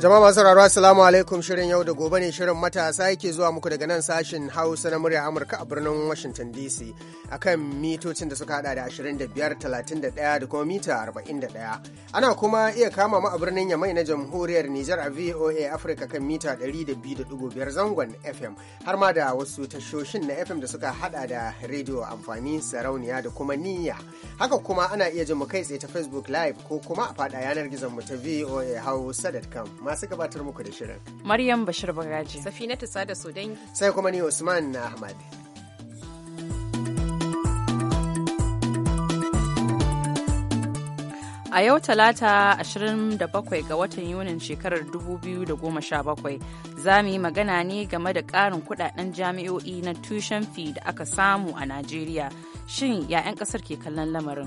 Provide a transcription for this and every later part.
Jama'a masu raro Assalamu alaikum shirin yau da gobe ne shirin matasa yake zuwa muku daga nan sashin Hausa na murya Amurka a birnin Washington DC akan mitocin da suka hada da 25, 31 da kuma mita 41. Ana kuma iya kama mu a birnin Yamai na Jamhuriyar Nijar a VOA Africa kan mita 102.5 zangon FM har ma da wasu tashoshin na FM da suka hada da rediyo amfani sarauniya da kuma niyya. Haka kuma ana iya jin mu kai tsaye ta Facebook Live ko kuma a faɗa yanar gizon mu ta VOA Hausa.com masu gabatar muku da shirin. Maryam Bashir Bagaji. Safinatu Sada Sudangi. Sai kuma ni Usman na Ahmad. A yau Talata 27 ga watan Yunin shekarar 2017 za mu yi magana ne game da ƙarin kudaden jami'o'i na tushen fi da aka samu a Najeriya. Shin 'ya'yan ƙasar ke kallon lamarin?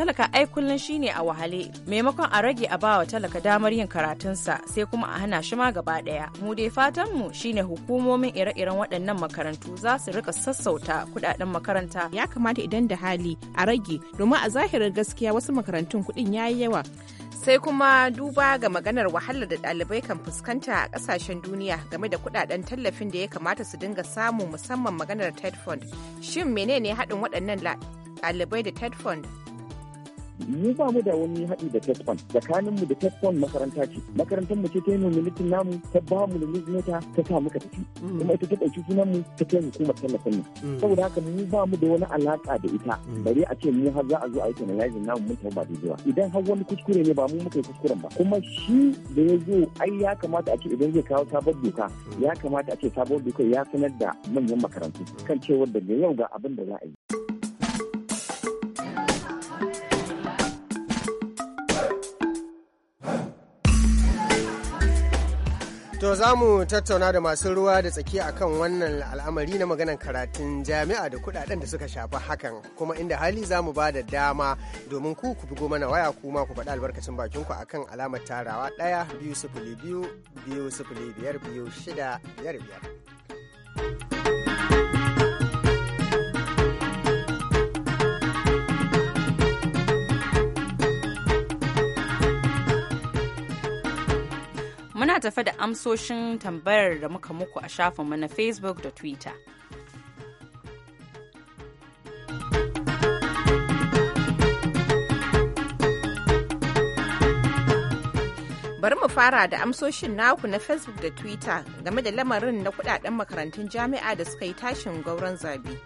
talaka ai kullum shine a wahale maimakon a rage a bawa talaka damar yin karatunsa sai kuma a hana shi ma gaba daya mu dai fatan mu shine hukumomin ire-iren waɗannan makarantu za su rika sassauta kuɗaɗen makaranta ya kamata idan da hali a rage domin a zahirin gaskiya wasu makarantun kuɗin yayi yawa sai kuma duba ga maganar wahalar da ɗalibai kan fuskanta a ƙasashen duniya game da kudaden tallafin da ya kamata su dinga samu musamman maganar ted fund shin menene haɗin waɗannan ɗalibai da ted fund mu ba mu da wani haɗi da tekfon tsakanin mu da tekfon makaranta ce makarantar mu ce ta yi militin namu ta ba mu mota ta sa muka tafi mm. kuma ita ta ɗauki sunan mu ta kai hukumar tallafin mu mm. saboda haka mu ba mu da wani alaƙa da ita mm. bari a ce mu har za a zo a yi penalizing namu mun taɓa da zuwa idan har wani kuskure ne ba mu muka yi kuskuren ba kuma shi da ya zo ai ya kamata a ce idan zai kawo sabon doka ya kamata a ce sabon doka ya sanar da manyan makarantu kan cewar daga yau ga abin da za a yi. To za mu tattauna da masu ruwa da tsaki akan wannan al'amari na maganan karatun jami'a da kudaden da suka shafi hakan kuma inda hali za mu ba da dama domin ku ku bugo mana waya kuma ku faɗi albarkacin bakin ku akan alamar tarawa ɗaya biyu sifili biyu biyu sifili biyar biyu shida biyar biyar. muna tafa da amsoshin tambayar da muka muku a shafinmu na facebook da twitter bari mu fara da amsoshin naku na facebook da twitter game da lamarin na kudaden makarantun jami'a da suka yi tashin gauron zabi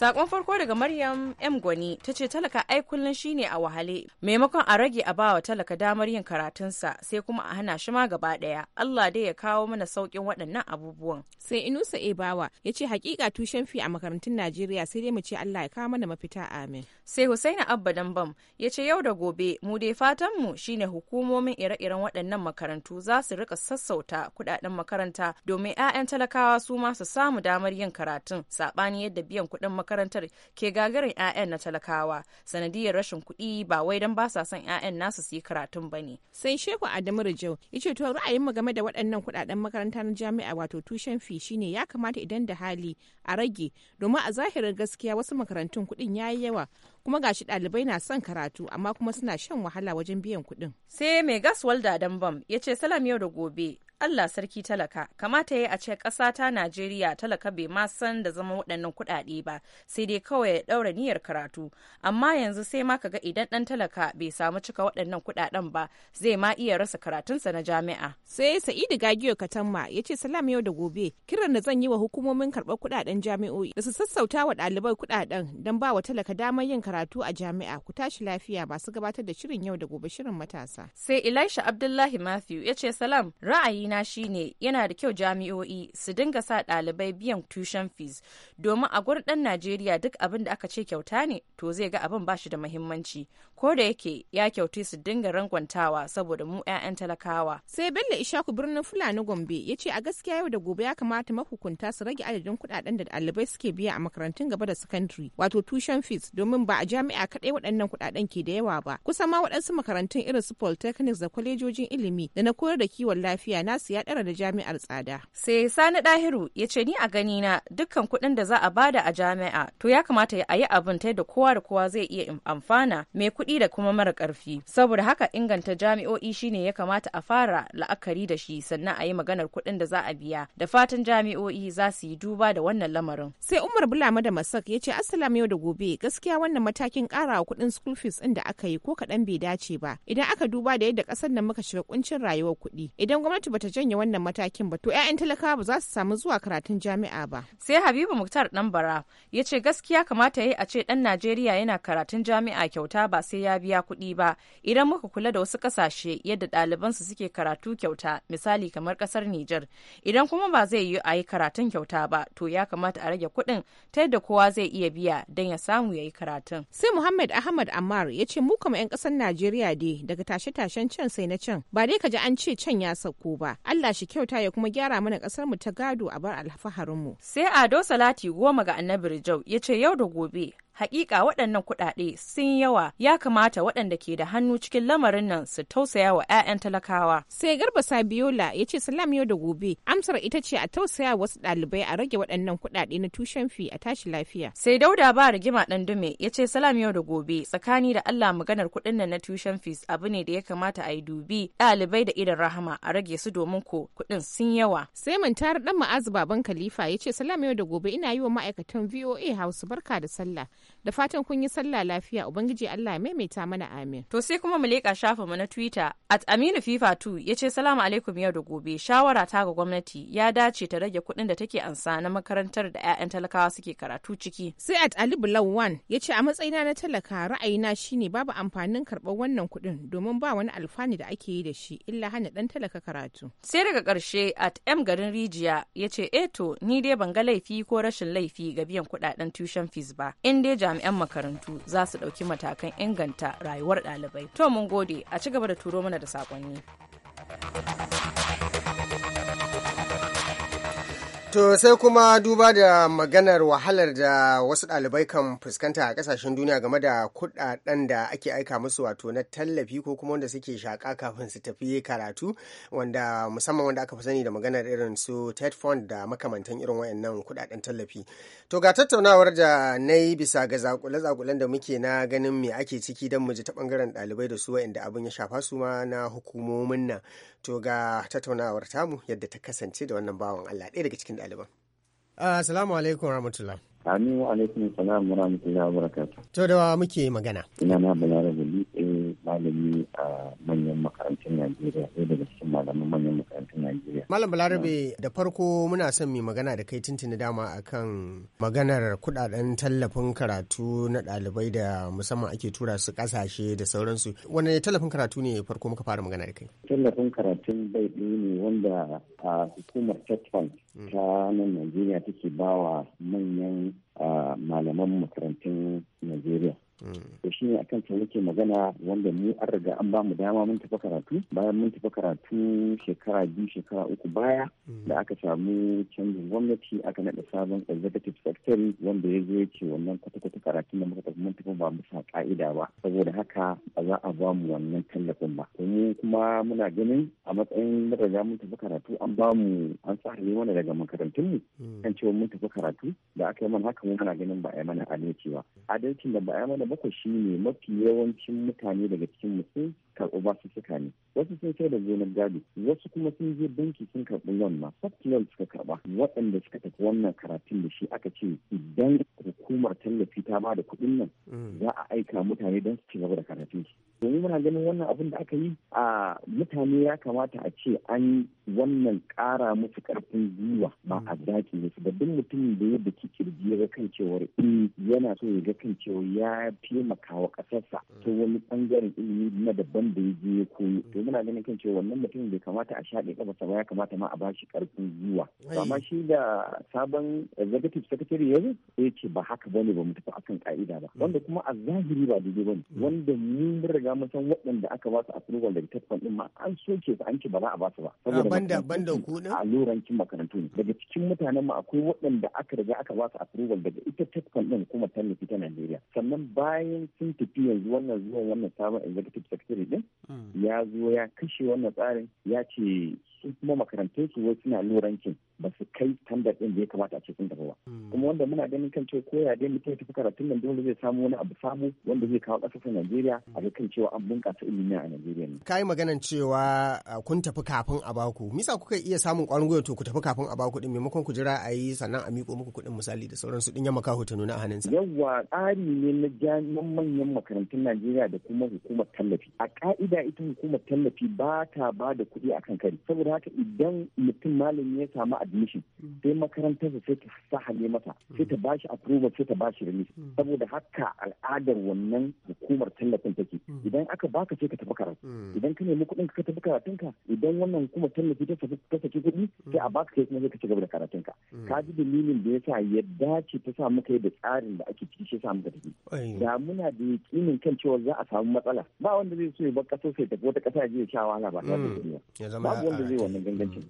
Sakon farko daga Maryam M Gwani ta ce talaka ai kullun shine a wahale maimakon a rage a bawa talaka damar yin karatunsa sai kuma a hana shi ma gaba daya. Allah dai ya kawo mana saukin waɗannan abubuwan. Sai Inusa Ebawa ya ce hakika tushen fi a makarantun Najeriya sai dai mu ce Allah ya kawo mana mafita amin. Sai Husaina Abba Dambam ya ce yau da gobe mu dai fatan mu ne hukumomin ire-iren waɗannan makarantu za su rika sassauta kuɗaɗen makaranta domin 'ya'yan talakawa su ma su samu damar yin karatun saɓani yadda biyan kuɗin makaranta makarantar ke gagarin 'ya'yan na talakawa sanadiyar rashin kuɗi ba wai don ba sa son 'ya'yan nasu su yi karatun ba ne. Sai Shehu Adamu Rijau ya ce to ra'ayin mu game da waɗannan kuɗaɗen makarantar jami'a wato tushen fi shine ya kamata idan da hali a rage domin a zahirin gaskiya wasu makarantun kuɗin ya yi yawa kuma gashi ɗalibai na son karatu amma kuma suna shan wahala wajen biyan kuɗin. Sai mai gas walda Dambam ya ce salam yau da gobe Allah sarki talaka kamata ya yi a ce ƙasa ta Najeriya talaka bai ma san da zama waɗannan kuɗaɗe ba sai dai kawai ya ɗaura niyyar karatu amma yanzu sai ma kaga idan ɗan talaka bai samu cika waɗannan kuɗaɗen ba zai ma iya rasa karatunsa na jami'a. Sai Sa'idu Gagiyo Katamma ya ce salam yau da gobe kiran da zan yi wa hukumomin karɓar kuɗaɗen jami'o'i da su sassauta wa ɗalibai kuɗaɗen don ba wa talaka damar yin karatu a jami'a ku tashi lafiya masu gabatar da shirin yau da gobe shirin matasa. Sai Elisha Abdullahi Matthew ya ce salam ra'ayi shi shine yana da kyau jami'o'i su dinga sa ɗalibai biyan tushen fees domin a gurin Najeriya duk abin da aka ce kyauta ne to zai ga abin ba shi da muhimmanci ko da yake ya kyauti su dinga rangwantawa saboda mu 'ya'yan talakawa. Sai Bello Ishaku birnin Fulani Gombe ya ce a gaskiya yau da gobe ya kamata mahukunta su rage adadin kuɗaɗen da ɗalibai suke biya a makarantun gaba da sakandare wato tuition fees domin ba a jami'a kaɗai waɗannan kuɗaɗen ke da yawa ba. Kusan ma waɗansu makarantun irin su polytechnics da kwalejojin ilimi da na koyar da kiwon lafiya nasu ya ɗara da jami'ar tsada. Sai Sani Dahiru ya ce ni a gani na dukkan kuɗin da za a bada a jami'a to ya kamata a yi abin ta da kowa da kowa zai iya amfana mai kuɗi kuɗi da kuma mara ƙarfi saboda haka inganta jami'o'i shine ya kamata a fara la'akari da shi sannan a yi maganar kuɗin da za a biya da fatan jami'o'i za su yi duba da wannan lamarin sai umar bulama da masak ya ce assalam yau da gobe gaskiya wannan matakin karawa kuɗin school fees ɗin da aka yi ko kaɗan bai dace ba idan aka duba da yadda ƙasar nan muka shiga kuncin rayuwar kuɗi idan gwamnati bata janye wannan matakin ba to 'ya'yan talakawa ba za su samu zuwa karatun jami'a ba sai habibu muktar ɗan bara ya ce gaskiya kamata ya yi a ce ɗan najeriya yana karatun jami'a kyauta ba sai ya biya kuɗi ba idan muka kula da wasu ƙasashe yadda ɗalibansu suke karatu kyauta misali kamar ƙasar Nijar idan kuma ba zai yi a yi karatun kyauta ba to ya kamata a rage kuɗin ta yadda kowa zai iya biya don ya samu ya yi karatun. Sai Muhammad Ahmad Ammar ya ce mu kama 'yan ƙasar Najeriya dai daga tashe-tashen can sai na can ba dai ka ji an ce can ya sauko ba Allah shi kyauta ya kuma gyara mana kasar mu ta gado a bar alfaharinmu. Sai Ado Salati goma ga Annabi Rijau ya ce yau da gobe Hakika waɗannan kuɗaɗe sun yawa ya kamata waɗanda ke da hannu cikin lamarin nan su tausaya wa 'ya'yan talakawa. Sai Garba Sabiola ya ce salam yau da gobe amsar ita ce a tausaya wasu ɗalibai a rage waɗannan kuɗaɗe na tushen fi a tashi lafiya. Sai Dauda ba rigima ɗan dume ya ce salam yau da gobe tsakani da Allah maganar kuɗin nan na tushen fees abu ne da ya kamata a yi dubi ɗalibai da idan rahama a rage su domin ko kuɗin sun yawa. Sai Muntar ɗan ma'azu baban Khalifa ya ce salam yau da gobe ina yi wa ma'aikatan VOA hausu barka da sallah da fatan kun yi sallah lafiya ubangiji Allah maimaita mana amin to sai kuma mu leka shafa mu na Twitter at Aminu FIFA 2 yace salamu alaikum yau da gobe shawara ta ga gwamnati ya dace ta rage kuɗin da take ansa na makarantar da 'ya'yan talakawa suke karatu ciki sai at Ali Bulawan yace a matsayina na talaka ra'ayina shine babu amfanin karɓar wannan kuɗin domin ba wani alfani da ake yi da shi illa hana ɗan talaka karatu sai daga karshe at M garin Rijiya yace eh to ni dai ban ga laifi ko rashin laifi ga biyan kuɗaɗen tuition fees ba in dai dai jami'an makarantu za su ɗauki matakan inganta rayuwar ɗalibai. To mun gode a ci gaba da turo mana da saƙonni. To sai kuma duba da maganar wahalar da wasu ɗalibai kan fuskanta a ƙasashen duniya game da kuɗaɗen da ake aika musu wato na tallafi ko kuma wanda suke shaƙa kafin su tafi karatu wanda musamman wanda aka fi sani da maganar irin su TED Fund da makamantan irin wayannan kuɗaɗen tallafi. To ga tattaunawar da na yi bisa ga zakule-zakulen da muke na ganin me ake ciki don mu ji ta ɓangaren ɗalibai da su wayanda abin ya shafa su ma na hukumomin nan. to ga tattaunawar tamu yadda ta kasance da wannan bawan Allah ɗaya daga cikin ɗaliban. Assalamu alaikum rahmatullah. Amin wa alaikum salam wa rahmatullah wa barakatuh. To da muke magana. Ina na Balarabe manyan makarantun Najeriya ɗaya daga cikin malaman manyan makarantun Najeriya. Malam Balarabe da farko muna son mai magana da kai tuntuni dama akan maganar kuɗaɗen tallafin karatu na ɗalibai da musamman ake tura su ƙasashe da sauransu. Wane tallafin karatu ne farko muka fara magana da kai? Tallafin karatun bai ɗaya ne wanda a hukumar Tetfan hmm. ta nan Najeriya take bawa manyan malaman makarantun Najeriya. to shi ne akan sai nake magana wanda mu an riga an bamu dama mun tafi karatu bayan mun tafi karatu shekara biyu shekara uku baya mm. da aka samu canjin gwamnati aka naɗa sabon executive secretary wanda ya zo yake wannan kwata-kwata na da muka tafi mun tafi ba mu sa ka'ida ba saboda haka ba za a bamu wannan tallafin ba to mu kuma muna ganin a matsayin riga mun tafi karatu an bamu an sa mana daga makarantunmu mm. kan cewa mun tafi karatu da aka yi mana haka mu muna ganin ba a yi mana adalci ba adalcin da ba a yi mana bakwai shi ne mafi yawancin mutane daga cikin mutum karɓi su suka ne wasu sun kai da gonar gado wasu kuma sun je banki sun karɓi wannan soft suka karɓa waɗanda suka tafi wannan karatun da shi aka ce idan hukumar ta fita ma da kuɗin nan mm. za a aika mutane don su ci gaba da karatun su domin muna ganin wannan abin da aka yi a mutane ya kamata a ce an wannan ƙara musu ƙarfin gwiwa ba a zaki mm. musu su. duk mutumin da yadda ki kirji ya ga kan cewar in eh, yana so ya ga kan cewar ya taimaka wa ƙasarsa ta mm. wani ɓangaren ilimi na daban da ya je ya koyo to muna ganin kan cewa wannan mutumin bai kamata a shaɗe ƙafarsa ba ya kamata ma a ba shi ƙarfin gwiwa amma shi da sabon executive secretary yanzu ya ce ba haka bane ba mu tafi akan ka'ida ba hmm. wanda kuma a zahiri ba daidai ba ne hmm. wanda mun riga mun san waɗanda aka ba su approval daga tafkan din ma an soke su an ce ba za a ba su ba ah, saboda banda banda ku din allurankin makarantu ne daga cikin mutanen mu akwai waɗanda aka riga aka ba su approval daga ita tafkan din kuma tallafi ta Najeriya sannan bayan sun tafi yanzu wannan zuwan wannan sabon executive secretary din hmm. ya zo ya kashe wannan tsarin ya ce su kuma makarantun su wasu na lurancin ba su kai standard din da ya kamata a cikin sun ba kuma wanda muna ganin kan cewa koya dai mutum masu karatun nan dole zai samu wani abu sabo wanda zai kawo ƙasashen Najeriya a kan cewa an bunkasa ilimi a Najeriya ne. Kai maganan cewa kun tafi kafin a baku. Misa kuka iya samun ƙwarin gwiwa to ku tafi kafin a baku din maimakon ku jira a yi sannan a miƙo muku kuɗin misali da sauransu din ya kawo ta nuna a hannunsa. Yawwa tsari ne na jami'an manyan makarantun Najeriya da kuma hukumar tallafi. A ka'ida ita hukumar tallafi ba ta ba da kuɗi akan kari. Saboda haka idan mutum malami ya samu admission hmm. sai makarantarsa sai ta ne masa sai ta bashi approval sai ta bashi Hmm. saboda haka al'adar wannan hukumar tallafin take hmm. idan aka baka ce ka tafi karatu hmm. idan ka nemi kuɗin ka tafi ka. idan wannan hukumar tallafi ta saki kuɗi sai a baka kai kuma zai ka ci gaba da karatun ka ji dalilin da yasa ya dace ta sa muka yi da tsarin da ake ciki shi sa muka tafi da muna da yakinin kan cewa za a samu matsala ba wanda zai so ya bar kasar sai tafi wata kasa ya sha wahala ba ba wanda zai wannan gangancin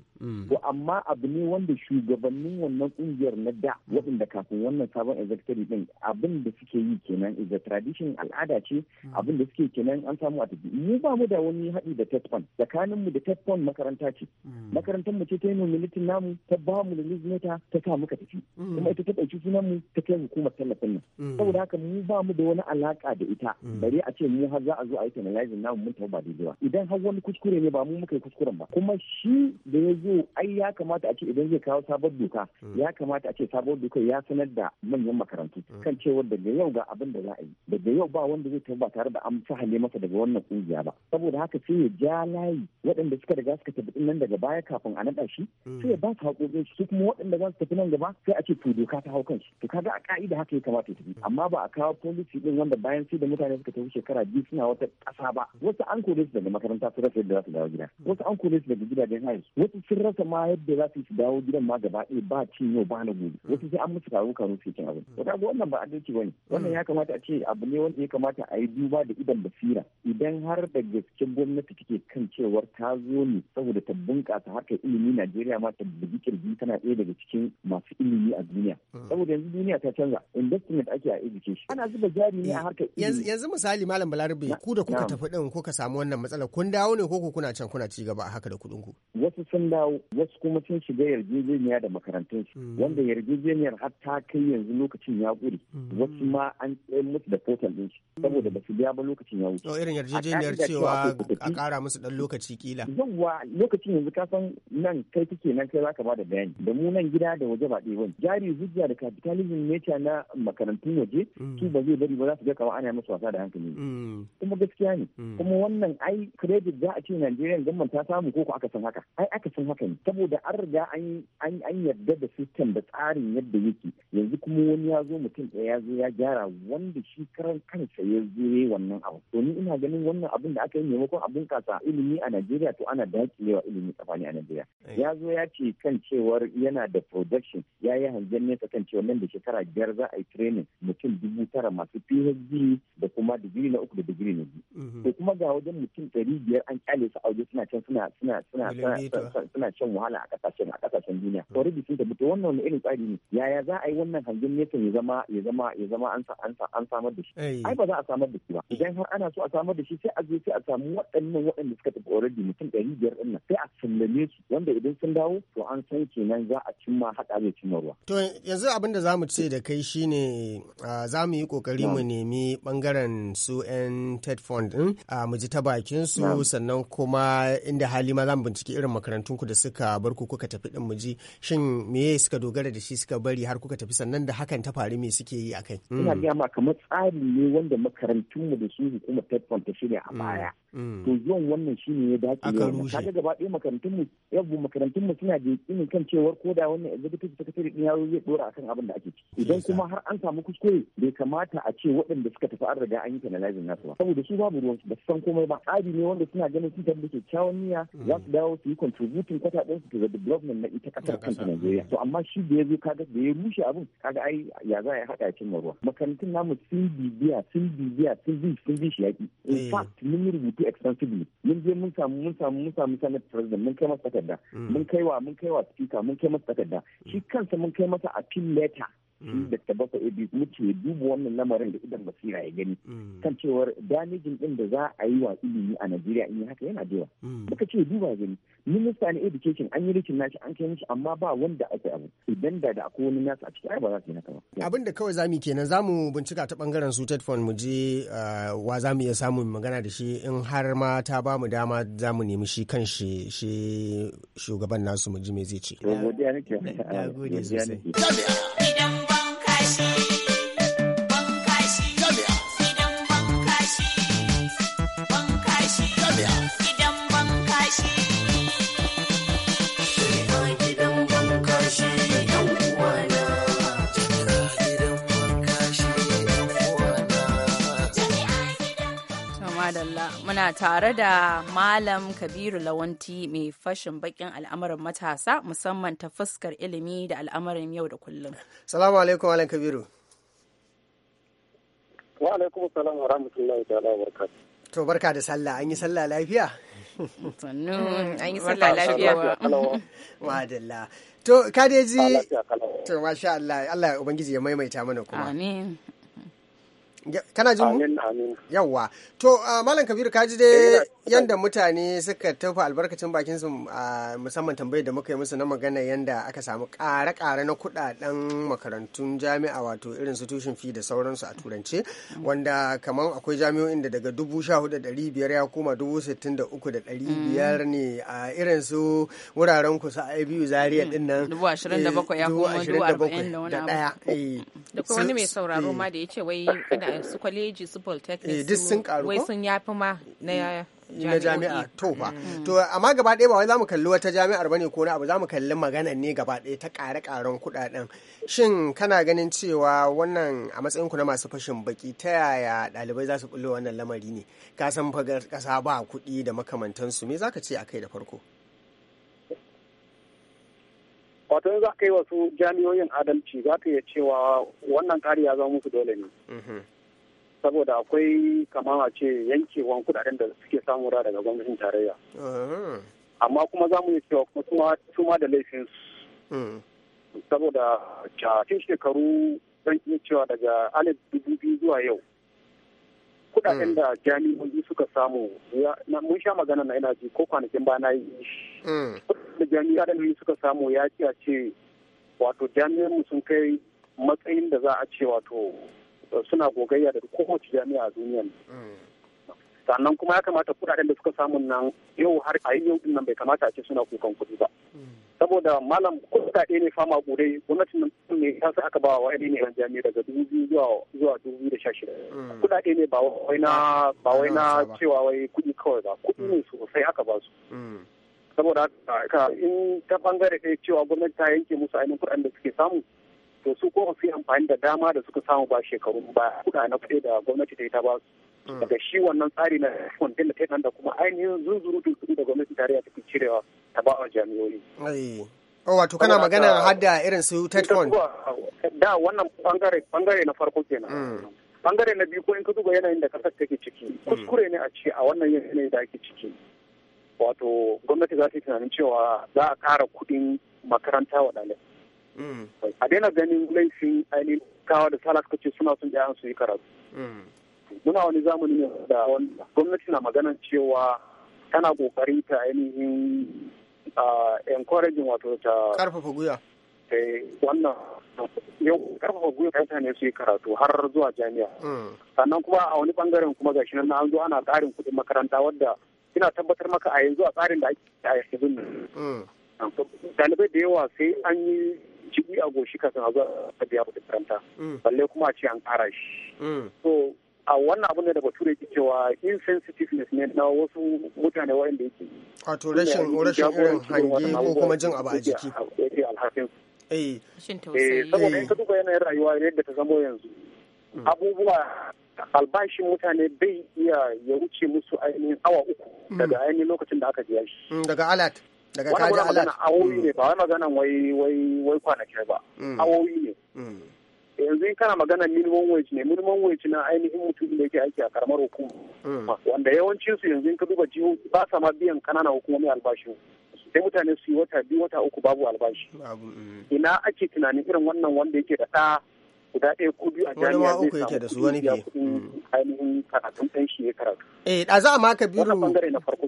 to amma abu ne wanda shugabannin wannan kungiyar na da waɗanda kafin wannan sabon executive din abin da suke yi kenan is a tradition al'ada ce hmm. abin da suke kenan an samu a tafi mu ba mu da wani haɗi da tetfon tsakanin mu da tetfon makaranta ce hmm. makarantar mu ce ta yi militin namu ta ba mu da ta sa muka tafi hmm. kuma ita ta ɗauki sunan mu ta kai hukumar tallafin nan saboda haka mu ba mu da wani alaƙa da ita Bari a ce mu har za a zo a yi penalizing namu mun ba da zuwa. idan har wani kuskure ne ba mu muka yi kuskuren ba kuma shi da ya zo ai ya kamata a ce idan zai kawo sabon doka ya kamata a ce sabon doka ya sanar da manyan makarantu Mm. kan cewar daga yau ga abin da za a yi daga yau ba wanda zai tafi ba tare da an sahale masa daga wannan kungiya ba saboda haka sai ya ja layi waɗanda suka riga suka tafi nan daga baya kafin a naɗa shi mm. sai ya ba su haƙoƙin su kuma waɗanda za su tafi nan gaba sai a ce to doka ta hau kansu to kaga a ka'ida haka ya kamata ya tafi mm. amma ba a kawo policy din wanda bayan sai da mutane suka tafi shekara biyu suna wata ƙasa ba wasu an kore su daga makaranta su rasa yadda za su dawo gida wasu an kore su daga gidajen ayi wasu sun rasa ma yadda za su dawo gidan ma gaba ɗaya ba cin yau ba na gobe wasu sai an musu karo karo su cin abin wannan ba adalci bane wannan hmm. ya kamata a ce abu ne wanda ya kamata a yi duba da idan basira idan har da gaske gwamnati take kan cewar ta zo ne saboda ta bunƙasa harkar ilimi Najeriya ma ta bugi kirji tana ɗaya daga cikin masu ilimi a duniya hmm. saboda yanzu duniya ta canza investment ake a education ana zuba jari ne a harkar ilimi yanzu misali malam Balarabe ku da kuka tafi din kuka samu wannan matsala kun dawo ne ko kuna can kuna ci gaba a haka da kuɗin ku wasu sun dawo wasu kuma sun shiga yarjejeniya da makarantun su hmm. wanda yarjejeniyar har ta kai yanzu lokacin ya ƙure Mm. wasu ma an tsaye musu da portal din su mm. saboda ba su biya ba lokacin ya wuce. irin yarjejeniyar cewa a kara musu dan lokaci kila. yawwa lokacin yanzu ka san nan kai kake nan kai zaka bada bayani da mu nan gida da waje ba ɗaya bane jari hujja da capitalism nature na makarantun waje mm. su ba zai bari ba za su ga kawai ana musu wasa da hankali. kuma gaskiya ne kuma wannan ai credit za a ce Najeriya gwamnati ta samu ko ko aka san haka ai aka san haka ne saboda an riga an yarda da system da tsarin yadda yake yanzu kuma wani ya zo mutum kansa ya zo ya gyara wanda shi karan kansa ya zo wannan abu to ni ina ganin wannan abin da aka yi maimakon abin kasa ilimi a Najeriya to ana dakilewa ilimi tsafani a Najeriya eh. ya zo ya ce kan cewar yana da production ya yi hangen nesa kan cewa nan da shekara biyar za a yi training mutum dubu tara masu PhD da kuma digiri na uku da digiri na biyu mhm. to kuma ga wajen mutum ɗari biyar an kyale su a waje suna can suna suna suna suna shan wahala a ƙasashen a kasashen duniya hmm. to rubutun ta mutu wannan wani irin tsari ne yaya za a yi wannan hangen nesa ya zama ya ya zama ya zama an an samar da shi ai ba za a samar da shi ba idan har ana so a samar da shi sai a je sai a samu waɗannan waɗanda suka tafi already mutum ɗari biyar ɗin sai a sallame su wanda idan sun dawo to an san kenan za a cimma haɗa zai cimma ruwa. to yanzu abin da za mu ce da kai shine za mu yi ƙoƙari mu nemi ɓangaren su ɗan ted fund ɗin mu ji ta bakin su sannan kuma inda hali ma za mu binciki irin makarantun ku da suka bar ku kuka tafi ɗin mu ji shin me suka dogara da shi suka bari har kuka tafi sannan da hakan ta faru me suke ake yi a kai. Ina mm. gaya ma kamar tsari ne wanda makarantunmu da su hukumar TEPCON ta shirya a mm. baya. Mm. To yawan wannan shi ne ya dace ne rushe. Kaga gaba ɗaya makarantunmu yabu makarantunmu suna da yakinin kan cewar ko da wannan executive secretary ɗin yaro zai ɗora akan abin da ake ciki. Idan kuma har an samu kuskure bai kamata a ce waɗanda suka tafi an riga an yi penalizing nasu ba. Saboda su babu ruwan ba su san komai ba tsari ne wanda suna ganin sun tabbata kyakkyawan niyya za su dawo su yi contributing kwata su to the development na ita ƙasar kanta Najeriya. To amma shi da ya zo kaga da ya rushe abin kaga ai ya za a haɗa ya ruwa makarantun namu sun bibiya sun bibiya sun bi sun bi shi yaƙi in eh. fact mun rubutu extensively mun je mun samu mun samu mun samu sanar president mun kai masa takarda mm. mun kai wa mun kai wa speaker mun kai masa takarda shi mm. kansa mun kai masa appeal letter shi Dr. Baffa Ebi muke duba wannan lamarin da idan basira ya gani mm. kan cewar damijin din da za a yi wa ilimi a Najeriya in haka yana da yawa mm. muka ce duba gani minista na education an yi rikin nashi an kai mishi amma ba wanda aka abu idan da da akwai wani nasu a cikin ba za su yi haka ba abin da kawai zamu kenan zamu bincika ta bangaren su fund mu je ah, wa zamu iya samun magana da shi in har ma ta ba mu dama zamu nemi shi kan shi shi shugaban nasu mu ji me zai ce. Godiya nake. Godiya nake. Peace. Allah muna tare da Malam Kabiru Lawanti mai fashin bakin al'amarin matasa musamman ta fuskar ilimi da al'amarin yau da kullum. Salamu alaikum Malam Kabiru. Wa alaikum salam wa rahmatullahi ta'ala wa barakatuh. To barka da sallah an yi sallah lafiya? Sannu an yi sallah lafiya wa. dalla. To kadeji. To masha Allah Allah Ubangiji ya maimaita mana kuma. Amin. kana jin mu yawa to ah, malam kabir ka ji dai eh, yanda mutane suka tafi albarkacin bakin su ah, musamman tambayar da muka yi musu na magana yanda aka samu kare kare na kudaden makarantun jami'a wato irin su tushen fi da sauransu a turance wanda kamar akwai jami'o'in da daga dubu sha hudu ɗari biyar ya koma dubu sittin da uku da ɗari mm. biyar ne a irin su wuraren ku su biyu Zaria mm. din nan dubu ashirin da bakwai ya eh, koma dubu arba'in da wani abu eh, da kuma wani mai sauraro ma da ya ce wai su kwaleji su polytechnic eh, sun karu wai sun yafi ma na mm. na jami'a to ba mm. to amma gaba ɗaya ba wai zamu kalli wata jami'ar bane ko na abu zamu kalli maganar ne gaba ɗaya ta ƙare ƙaren kuɗaɗen shin kana ganin cewa wannan a matsayin ku na masu fashin baki ta yaya ɗalibai za su bullo wannan lamari ne ka san fagar ƙasa ba kuɗi da makamantansu me zaka ce akai da farko wato za ka yi wasu jami'oyin adalci za ka iya cewa wannan ƙari ya zama musu dole ne mm-hmm. saboda akwai kamar a ce yankewan kudaden da suke samu ra daga gwamnatin tarayya uh-huh. amma kuma za mu yi cewa kuma suma da laifin su hmm. saboda cikin shekaru zan iya cewa daga alif dubu biyu zuwa yau kudaden hmm. da jami'o'i suka samu mun sha magana na ina ji ko kwanakin ba na yi hmm. da jami'o'i suka samu ya ce wato jami'an mu sun kai matsayin da za a ce wato suna gogayya da kowace jami'a a duniya sannan kuma ya kamata kudaden da suka samu nan yau har a yau nan bai kamata a ce suna kukan kuɗi ba saboda malam kudade ne fama gure gwamnatin nan ne ta sa aka ba wa ne ran jami'a daga dubu biyu zuwa zuwa dubu biyu da sha shida hmm. kudade ne ba wai na ba wai na cewa wai kuɗi kawai ba kuɗi ne hmm. sosai aka ba su hmm. saboda haka in ta bangare ɗaya cewa gwamnati ta yanke musu ainihin kuɗaɗen da suke samu to su ko su amfani da dama da suka samu ba shekarun ba kuɗa na kuɗi da gwamnati ta yi ta ba su mm. daga shi wannan tsari na kundin da ta yi nan da kuma ainihin da kuɗi da ta riya ta fi cirewa ta ba a jami'o'i. Oh, wato kana magana hadda irin su tetfon. Da wannan bangare bangare na farko kenan. Bangare mm. na biyu ko in ka duba yanayin da kasar take ciki mm. kuskure ne a ce a wannan yanayin da ake ciki. Wato gwamnati za ta yi tunanin cewa za a ƙara kuɗin makaranta wa ɗalibai. a daina ganin laifin ainihin kawa da talaka kace suna sun ɗayan su yi karatu muna wani zamani ne da gwamnati na maganan cewa tana kokarin ta ainihin encouraging wato ta karfafa guya eh, wannan yau karfafa guya ta ne su yi karatu har zuwa jami'a mm. sannan kuma a wani bangaren kuma gashi nan an zo ana tsarin kuɗin makaranta wadda ina tabbatar maka a yanzu a tsarin da ake a yanzu dalibai mm. da yawa sai an yi ci a goshi kafin a zuwa a biya kuɗin makaranta mm. balle kuma a ce an kara shi mm. so a wannan abin da bature ke cewa insensitiveness ne na wasu mutane wa inda yake a to rashin rashin hangi ko kuma jin abu a jiki yake alhakin eh, eh saboda in ka duba yanayin rayuwa yadda ta zamo yanzu mm. abubuwa albashin mutane bai iya ya wuce musu ainihin awa uku daga ainihin lokacin da aka biya shi daga alat daga kaji alat awowi mm. ne ba magana wai wai wai kwanaki ba mm. awowi ne mm. yanzu in kana magana minimum wage ne minimum wage na ainihin mutum da yake aiki a karamar hukuma wanda yawancin su yanzu ka duba jiho ba sa ma biyan kanana hukumomi albashi sai mutane su yi wata biyu wata uku babu albashi ina ake tunanin irin wannan wanda yake da ɗa guda ɗaya ko biyu a jami'a hmm. ainihin karatun za eh, a maka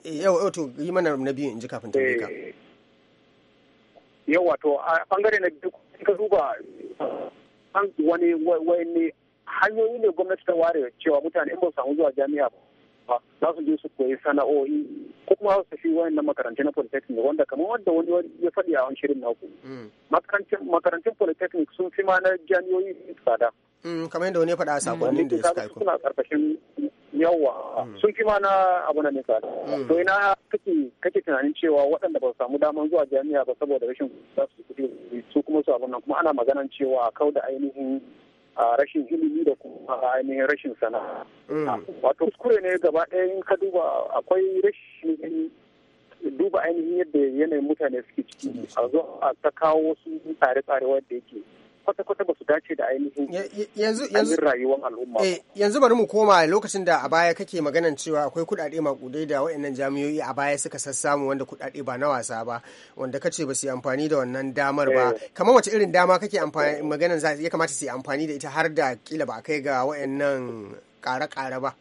eh, to yi mana na biyu in ji kafin tambaye eh, a biyu ka duba an hanyoyi ne gwamnati ta ware cewa mutane in samu zuwa jami'a ba ba za su je su koyi sana'o'i ko kuma su shi wayannan makarantu makarantun polytechnic wanda kamar wanda wani ya faɗi a wani shirin naku mm. makarantun polytechnic sun fi ma na jami'o'i tsada mm, kamar yadda wani ya faɗa a sakonnin mm, da suka aiko suna karkashin yawa sun fi ma na abu na nisa to ina kake kake tunanin cewa waɗanda ba su samu daman zuwa jami'a ba saboda rashin su kuɗi su kuma su abun nan kuma ana maganan cewa kau da ainihin a rashin ilimi da kuma ainihin rashin sana'a. Mm. Wato kure ne gaba ɗaya in ka duba akwai rashin duba ainihin yadda yanayin mutane suke ciki mm. a zo a ta kawo wasu tsare-tsare wanda yake kwata-kwata ba su dace da ainihin yanzu rayuwar al'umma eh, yanzu bari mu koma lokacin da a baya kake maganan cewa akwai kuɗaɗe maƙudai da waɗannan jami'o'i a baya suka sassamu wanda kuɗaɗe ba na wasa ba wanda kace ba su yi amfani da wannan damar ba eh. kamar wace irin dama kake amfani maganan ya kamata su yi amfani da ita har da kila ba kai ga waɗannan ƙare-ƙare ba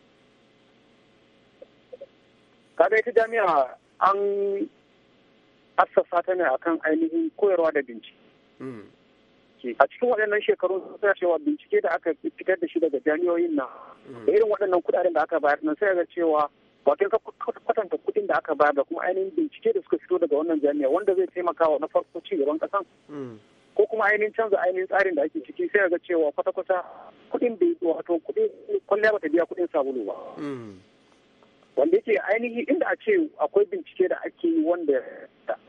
Kada ita jami'a an assasa ta ne akan ainihin koyarwa da bincike hmm. a cikin waɗannan shekaru suna cewa bincike da aka fitar da shi daga jami'oyin nan da irin waɗannan kuɗaɗen da aka bayar nan sai ga cewa wato ka kwatanta kuɗin da aka bayar da kuma ainihin bincike da suka fito daga wannan jami'a wanda zai taimaka wa na farko ci gaban ƙasan hmm. ko kuma ainihin canza ainihin tsarin da ake ciki sai ga cewa kwata-kwata kuɗin bai wato kuɗin kwalliya bata biya kuɗin sabulu ba. Hmm. wanda yake ainihi inda a ce akwai bincike da ake yi wanda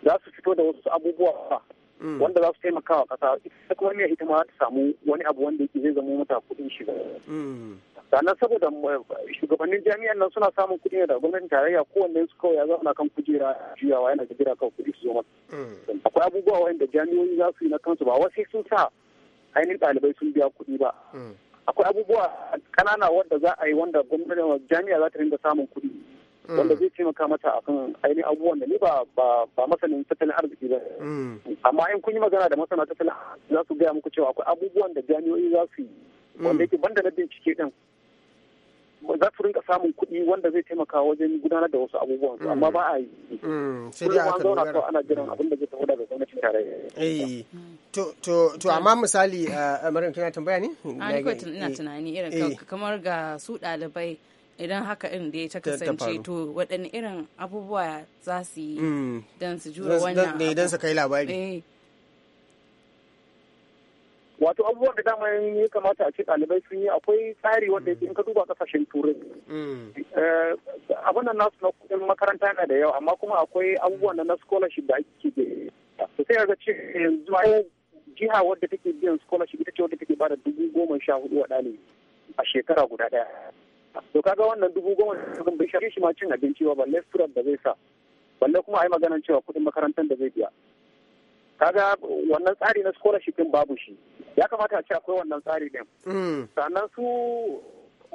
za su fito da wasu abubuwa Mm. wanda za su taimaka wa kasa ita kuma ne ita ma ta samu wani abu wanda yake zai zama mata kuɗin shiga. Mm. sannan saboda eh, shugabannin jami'an nan suna samun kuɗi ne daga gwamnatin tarayya kowanne su kawai ya zauna kan kujera juyawa yana da jira kawai kuɗi su zo masa. Mm. akwai abubuwa wanda jami'o'i za su yi na kansu ba wasu sun sa ainihin ɗalibai sun biya kuɗi ba. akwai abubuwa ƙanana wanda za a yi wanda gwamnatin jami'a za ta rinka samun kuɗi wanda mm. zai taimaka mata a kan ainihin abubuwan da ni ba ba masanin tattalin arziki ba mm. amma in kun yi magana da masana tattalin za su gaya muku cewa akwai abubuwan da jami'o'i za su yi mm. wanda yake banda na bincike din za su rinka samun kuɗi wanda zai taimaka wajen gudanar da wasu abubuwan su amma ba a yi sai dai aka zauna ko ana jiran abin da zai tafi daga gwamnatin tarayya eh. to to to amma misali eh, Maryam kina tambaya ne ah, na ina eh, tunani irin kamar ga su ɗalibai idan haka irin da ya ta kasance to waɗanne irin abubuwa za su yi hmm. don su jura wannan abu don su kai labari eh. wato abubuwan da dama ya kamata a ce ɗalibai sun yi akwai tsari wanda in ka duba kasashen turai hmm. eh, abin nan nasu na kuɗin makaranta yana da yawa amma kuma akwai abubuwan da na scholarship da ake da ya sai ga ce yanzu ai jiha wadda take biyan scholarship ita ce wadda take bada dubu goma sha hudu wa ɗalibi a shekara guda ɗaya to kaga wannan dubu goma da bai shafi shi ma cin abinci ba balle surar da zai sa balle kuma a yi maganar cewa kuɗin makarantar da zai biya kaga wannan tsari na scholarship din babu shi ya kamata a ce akwai wannan tsari din hmm. sannan su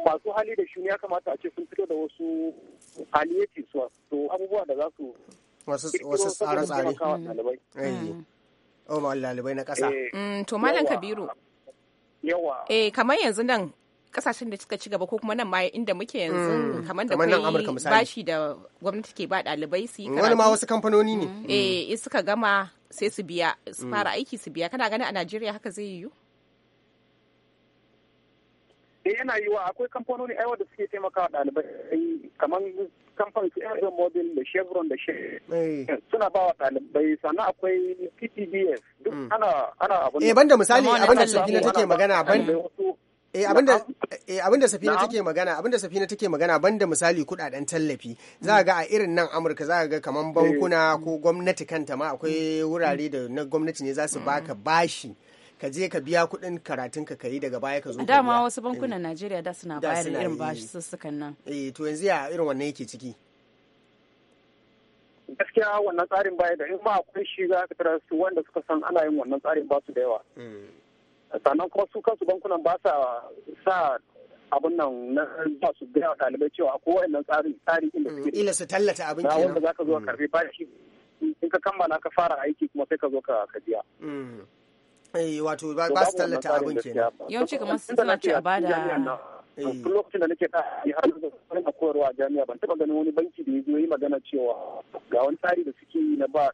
masu hali da shi ya kamata a ce sun fito da wasu haliyyati su wasu abubuwa da za su wasu tsare-tsare hmm. oh ɗalibai na ƙasa eh. hmm, to malam kabiru yawa eh kamar yanzu nan kasashen da suka ci gaba ko kuma nan ma inda muke yanzu hmm, kamar da kai bashi da gwamnati ke ba dalibai. su yi wani ma wasu kamfanoni ne hmm. eh suka gama sai su biya su hmm. fara aiki su biya kana ganin a Najeriya haka zai yiwu eh yana yiwa akwai kamfanoni aiwa da suke taimakawa dalibai kamar kamfanin Air mobil da chevron da eh. suna ba wa dalibai sannan akwai ptbs duk ana ana abin eh banda misali abin da sakina take magana ban Eh, eh abinda safina take magana abinda safina take magana banda misali kudaden tallafi za ga a irin nan Amurka za ga kaman eh. bankuna ko gwamnati kanta ma akwai wurare da na gwamnati ne za su baka mm. bashi ka je ka biya kuɗin karatun ka kayi daga baya ka zo dama wasu bankunan eh. Najeriya da suna bayar da irin bashi sussukan nan eh to yanzu ya irin wannan yake ciki gaskiya wannan tsarin baya da in ba akwai shi za ka tara su wanda suka san ana yin wannan tsarin ba su da yawa mm. sannan kuma su kansu bankunan ba sa sa abun nan na ba su gaya wa ɗalibai cewa ko wa'annan tsarin tsari inda suke mm, ila su tallata abin kenan wanda zaka zo ka mm. ba shi in ka kammala ka fara aiki kuma sai ka zo ka biya mm. eh, wato ba su tallata abin kenan yawanci kamar suna ce a bada tun eh. lokacin da nake da har da koyarwa a jami'a ban taba ganin wani banki da ya yi magana cewa ga wani tsari da suke yi na ba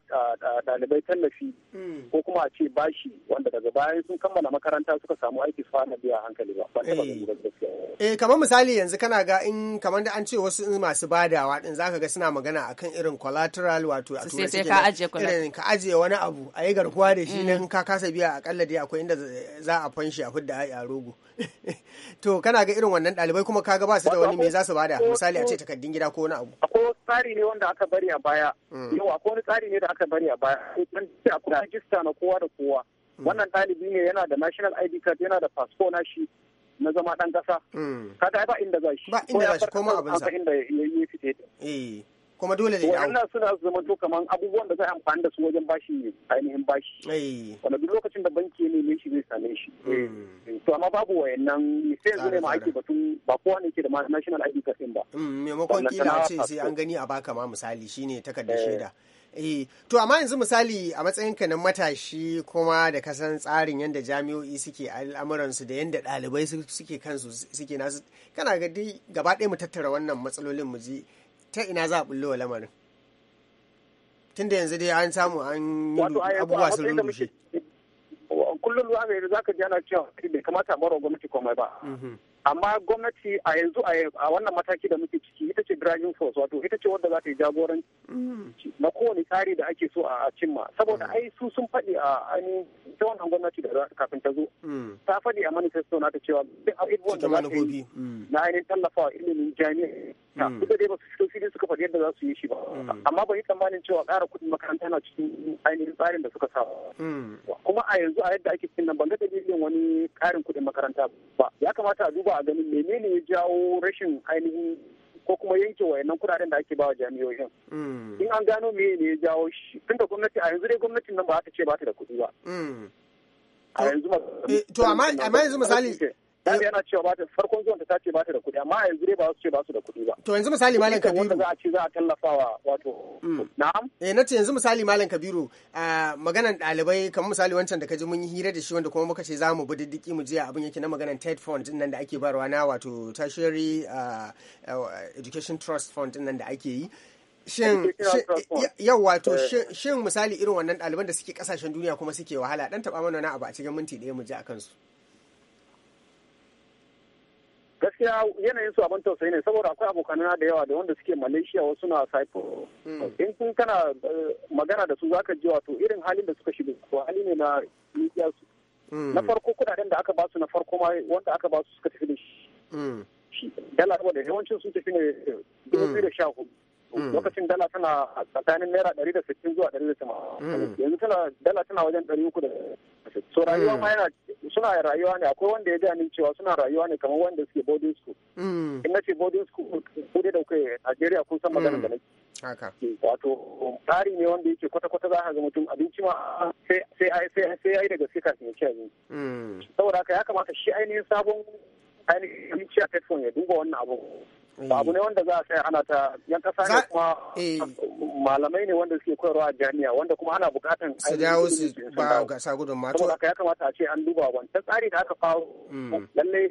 ɗalibai tallafi hmm. ko kuma a ce bashi wanda daga bayan sun kammala makaranta suka samu aiki su fara biya hankali ba ban taba ganin eh. gaskiya eh kamar misali yanzu kana ga in kamar da an ce wasu masu badawa din zaka ga suna magana akan irin collateral wato a turanci ka ajiye irin ka ajiye wani abu a yi garkuwa da shi nan hmm. ka kasa biya akalla dai akwai inda za a fanshi a fidda a rogo to kana ga irin wannan ɗalibai kuma kaga ba su da wani me za su bada misali a ce takardun gida ko wani abu. Akwai tsari ne wanda aka bari a baya. Mm. Yau akwai wani tsari ne da aka bari a baya. Akwai rajista na kowa da kowa. Mm. Wannan ɗalibi ne yana da national ID card yana da passport na shi na zama ɗan ƙasa. Mm. Kaga ba inda za shi. Ba inda za shi ko ma abin sa. Ba inda ya yi fice. kuma dole ne dawo wannan suna zama to kaman abubuwan da zai amfani da su wajen bashi ainihin bashi wanda duk lokacin da banki ya neme shi zai same shi mm. eh, to amma babu wayannan sai yanzu ne ma ake batun ba kowa ne ke da national ID card ba mm, maimakon kila ce sai an gani a baka ma misali shine takardar eh. shaida Eh, to amma yanzu misali a matsayinka na matashi kuma da kasan tsarin yadda jami'o'i suke al'amuransu da yadda ɗalibai suke kansu suke nasu kana ga dai gaba ɗaya mu tattara wannan matsalolin mu ji ta ina za a bullo wa lamarin tun da yanzu dai an samu an abubuwa sun rurrushe kullum za ka ji ana cewa bai kamata mara gwamnati komai ba mhm. amma gwamnati a yanzu a wannan mataki da muke ciki ita ce driving force wato ita ce wadda za ta yi jagoranci na kowane tsari da ake so a cimma saboda ai su sun faɗi a ainihin ta wannan gwamnati da kafin ta zo ta faɗi a manifesto na ta cewa duk abubuwan da za ta yi na ainihin tallafawa ilimin jami'a ta mm. duk dai ba su fito fili suka faɗi yadda za su yi shi ba mm. amma ba yi tsammanin cewa ƙara kuɗin makaranta na cikin ainihin tsarin da suka sa mm. kuma a yanzu a yadda ake cikin nan ban ga dalilin wani ƙarin kuɗin makaranta ba ya kamata a duba duba a ganin menene ya jawo rashin ainihin ko kuma yanke wayannan kudaden da ake bawa jami'o'in. Mm. In an gano menene ya jawo shi tunda gwamnati a yanzu dai gwamnatin nan ba ta ce ba ta da kuɗi ba. Mm. A yanzu ma. Eh, to amma yanzu misali ta yana cewa ba ta farkon zuwan ta ce ba ta da kuɗi amma yanzu dai ba su ce ba su da kuɗi ba to yanzu misali malam kabiru wanda za a ci za a tallafawa wato mm. na'am eh ce yanzu misali malam kabiru a maganan ɗalibai kamar misali wancan da kaji mun yi hira da shi wanda kuma muka ce za mu bi diddiki mu je abin yake na maganan TED fund din nan da ake barwa na wato tertiary education trust fund din nan da ake yi shin yau wato eh. shin misali irin wannan ɗaliban da suke kasashen duniya kuma suke wahala dan taɓa mana na abu a cikin minti ɗaya mu je a kansu. gaskiya yanayin su abin tausayi ne saboda akwai abokanana da yawa da wanda suke malaysia wasu na saifo hmm. in kun kana eh, magana da su zaka ji wato irin halin da suka shiga ko hali ne na nijiya su hmm. na farko kudaden da aka ba su na farko ma wanda aka ba su suka tafi da shi hmm. dala da yawancin sun tafi ne eh, dubu biyu da sha hudu lokacin dala tana tsakanin naira ɗari da sittin zuwa ɗari da tamanin yanzu tana dala tana wajen ɗari uku da so rayuwa ma yana suna rayuwa ne akwai wanda ya gaya min cewa suna rayuwa ne kamar wanda suke boarding school mm. in na ce boarding school ko dai da kai Najeriya kun san magana da mm. nake haka wato tsari ne wanda yake kwata kwata za ka ga mutum abinci ma sai sai sai sai ai daga sai kafin ya ci abinci saboda haka ya kamata shi ainihin sabon ainihin abinci a ya duba wannan abu Eh. abu ne wanda za a saya ana ta yan kasa ne kuma eh. malamai ne wanda suke koyarwa a jami'a wanda kuma ana bukatan su dawo su ba ga sa gudun mato saboda ya kamata a ce an duba wancan tsari da aka kawo mm. lalle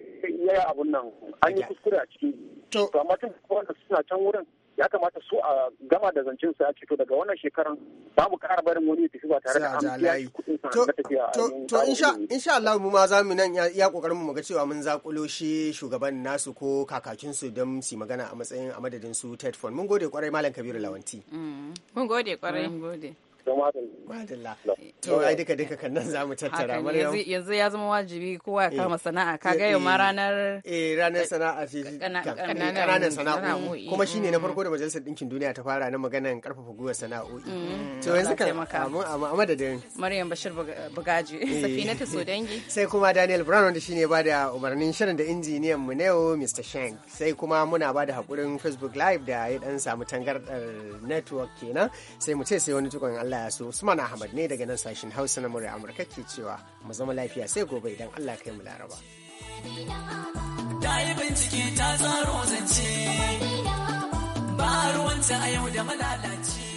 ya abun nan an yi kuskure a ciki to amma tun wanda suna can wurin ya kamata su a gama da zancen su a cito to daga wannan shekaran mu kara barin wani tafi ba tare da an da kuɗin sa to to insha Allah mu ma za mu nan ya kokarin mu ga cewa mun zakulo shi shugaban nasu ko kakakin su don su magana a matsayin a madadin su Ted mun gode kwarai malam Kabiru Lawanti mm. mun gode kwarai mun gode To ai duka duka kan nan zamu tattara Maryam. Yanzu ya zama wajibi kowa ya eh. kama sana'a ka ga eh, yau ma eh. ranar eh ranar sana'a ce kananan sana'o'i kuma shine na mm. farko da majalisar dinkin duniya ta fara na maganar karfafa gwiwar sana'o'i. Mm. To yanzu kan a madadin Maryam Bashir Bugaji Safinatu Sodangi sai kuma Daniel Brown wanda shine ba da umarnin shirin da injiniyan mu Neo Mr. Shank sai kuma muna ba da hakurin Facebook Live da ya dan samu tangardar network kenan sai mu ce sai wani tukun Allah Allah ya so Usman Ahmad ne daga nan sashen Hausa na murya Amurka ke cewa mu zama lafiya sai gobe idan Allah kai mu Laraba. Ta yi bincike ta zaro zance ba ruwanta a yau da malalaci.